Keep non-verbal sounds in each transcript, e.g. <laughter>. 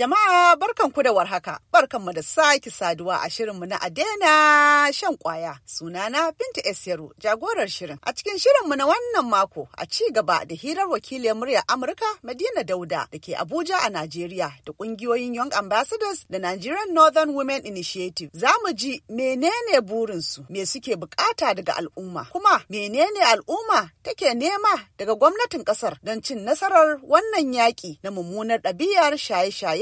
Jama'a barkanku da warhaka, barkanmu da sake saduwa a shirinmu na Adena shan kwaya. Sunana Binta S. Yaro, jagorar shirin. A cikin shirinmu na wannan mako, a ci gaba da hirar wakiliyar muryar Amurka Madina Dauda da ke Abuja a Najeriya da ƙungiyoyin Young Ambassadors da Nigerian Northern Women Initiative. Za mu ji menene burinsu, me suke bukata daga al'umma, kuma menene al'umma take nema daga gwamnatin ƙasar don cin nasarar wannan yaƙi na mummunar ɗabi'ar shaye-shaye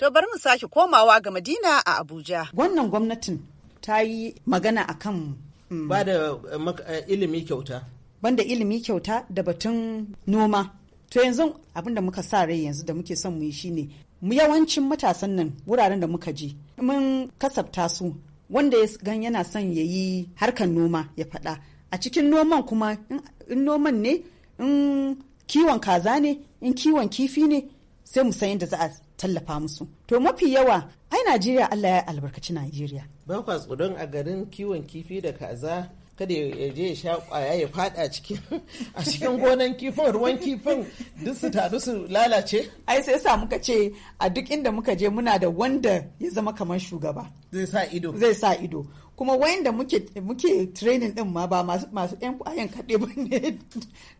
To bari mu sake komawa ga Madina a Abuja. Wannan gwamnatin ta yi magana akan mm, ba da eh, eh, ilimi kyauta. Banda ilimi kyauta da batun noma. To yanzu abin da muka sa rai yanzu da muke son mu yi shine mu yawancin matasan nan wuraren da muka je mun kasafta su wanda ya gan yana son ya yi harkar noma ya faɗa a cikin noman kuma in noman ne in kiwon kaza ne in kiwon kifi ne sai mu san yadda za a tallafa musu to mafi yawa ai najeriya allah ya albarkaci najeriya Bakwa kwa a garin kiwon kifi da kaza kada ya je ya sha kwaya ya fada <laughs> a cikin gonan kifin ruwan kifin duk su taru su lalace ai sai sa muka ce a duk inda muka je muna da wanda ya zama kamar shugaba zai sa ido zai sa ido kuma wanda muke muke training din ma ba masu masu yan kwayan kaɗe ba ne <laughs>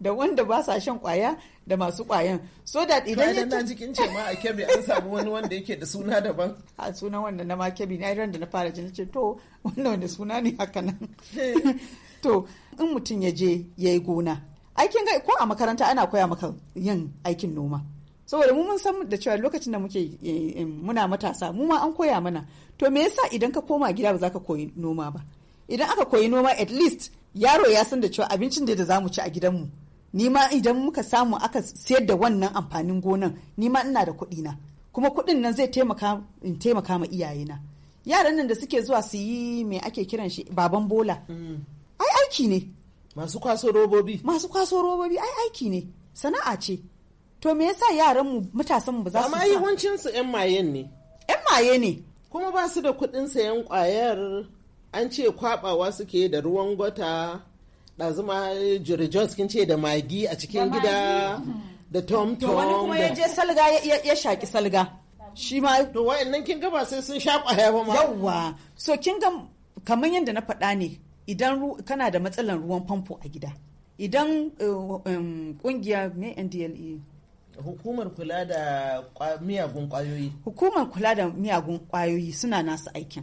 da wanda ba sa shan kwaya da masu kwayan so that idan ya na jikin ce ma a kebi an samu wani wanda yake da suna daban <laughs> a sunan wanda na ma kebi na ran da na fara jin ce to wanda wanda suna ne haka nan <laughs> to in mutum ya je ya yi gona aikin ga ko a makaranta ana koya maka yin aikin noma saboda mu mun san da cewa lokacin da muke eh, eh, muna matasa mu ma an koya mana to me yasa idan ka koma gida ba za ka koyi noma ba idan aka koyi noma at least yaro ya san da cewa abincin da za mu ci a gidanmu ni ma idan muka samu aka sayar da wannan amfanin gonan ni ma ina da kuɗi na kuma kuɗin nan zai taimaka in taimaka ma iyayena yaran nan da suke zuwa su yi me ake kiran shi baban bola mm. ai aiki ne masu kwaso robobi masu kwaso robobi ai aiki ne sana'a ce to me yasa yaran mu matasan mu ba za su amma yawancin su yan maye ne yan maye ne kuma ba su da kuɗin sayan ƙwayar an ce kwabawa suke da ruwan gwata ɗazuma jirgin kin ce da magi a cikin gida da tom tom wani kuma ya je salga ya shaki salga shi ma to wa'annan kin ga ba sai sun sha ƙwaya ba ma yawwa so kin ga kamar yadda na faɗa ne idan kana da matsalar ruwan famfo a gida idan kungiyar eh, um, mai ndle hukumar kula da miyagun kwayoyi hukumar kula da miyagun kwayoyi suna nasu aikin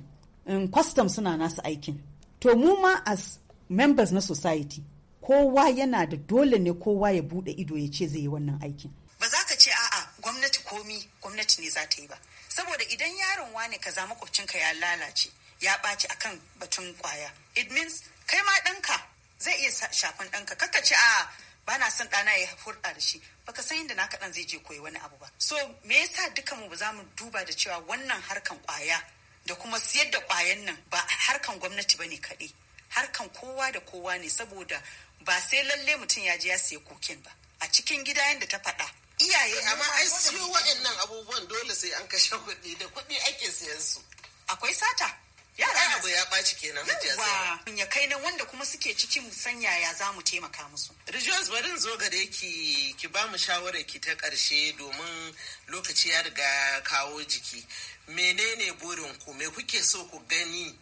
kwastam suna nasu aikin to mu ma as members na society kowa yana da dole ne kowa ya bude ido ya ce zai yi wannan aikin ba za ka ce a'a gwamnati komi gwamnati ne za ta yi ba saboda idan yaron wane ka kaza makwabcinka ya lalace ya ɓaci a kan batun kwaya it means kai ma ɗanka zai iya shafan ɗanka kaka ce a'a ba na son ɗana ya hurɗa da shi baka san yadda na kaɗan zai je koyi wani abu ba so me yasa duka mu ba za mu duba da cewa wannan harkan ƙwaya da kuma siyar da ƙwayan nan ba harkan gwamnati ba ne kaɗai harkan kowa da kowa ne saboda ba sai lalle mutum ya je ya siya kokin ba a cikin gida yadda ta faɗa iyaye amma ai siyo wa'annan abubuwan dole sai an kashe kuɗi da kuɗi ake siyan su akwai sata yara abu ya ɓaci kenan yawa ya kai na wanda kuma suke cikin musanya yaya za mu taimaka musu rijos barin zo gare ki ki ba mu shawarar ki ta karshe domin lokaci ya riga kawo jiki menene burin ku me kuke so ku gani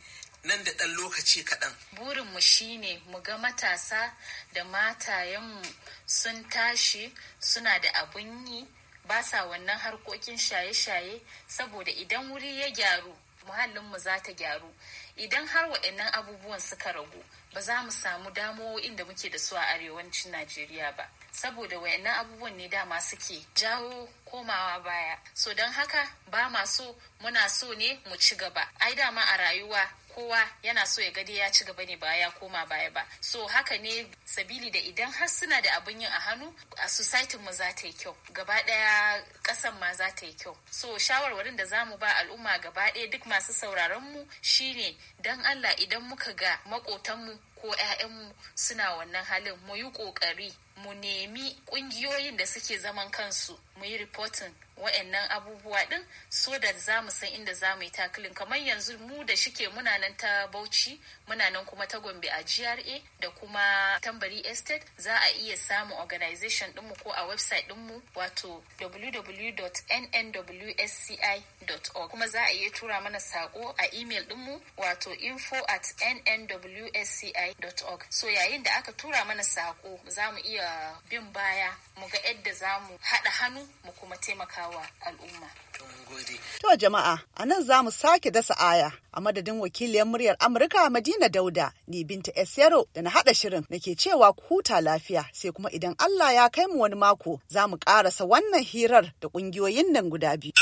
nan da ɗan lokaci kaɗan. burin mu shine mu ga matasa da mu sun tashi suna da abun yi ba sa wannan harkokin shaye-shaye saboda idan wuri ya gyaru muhallinmu za ta gyaru idan har waɗannan abubuwan suka ragu ba za mu samu damuwo'in da muke da su a arewacin najeriya ba saboda waɗannan abubuwan ne dama suke jawo komawa baya so don haka ba ma so muna so ne mu ci gaba ai dama a rayuwa kowa yana so ya ga dai ya ci gaba ne ba ya koma baya ba so haka ne sabili da idan har suna da abin yin a hannu a society mu za ta yi kyau gaba daya kasan ma za ta yi kyau so shawarwarin da zamu ba al'umma gaba daya duk masu sauraron mu shine dan Allah idan muka ga makotan mu ko 'ya'yanmu suna wannan halin mu yi ƙoƙari mu nemi ƙungiyoyin da suke zaman kansu mu yi reporting wa'annan abubuwa ɗin so da za mu san inda za mu yi takilin kamar yanzu mu da shike muna nan ta bauchi muna nan kuma ta gombe a gra da kuma tambari estate za a iya samun organization ɗinmu ko a website ɗinmu wato www.nnwsci.org kuma za a iya tura mana sako a email ɗinmu wato info at nnwsci rfi.org so yayin da aka tura mana sako za mu iya bin baya mu ga yadda za mu haɗa hannu mu kuma taimakawa al'umma To jama'a, a nan za mu sake dasa aya a madadin wakiliyar muryar Amurka Madina Dauda, ni binta Esero da na haɗa shirin da ke cewa huta lafiya sai kuma idan Allah ya kai mu wani mako za mu ƙarasa wannan hirar da ƙungiyoyin nan guda biyu.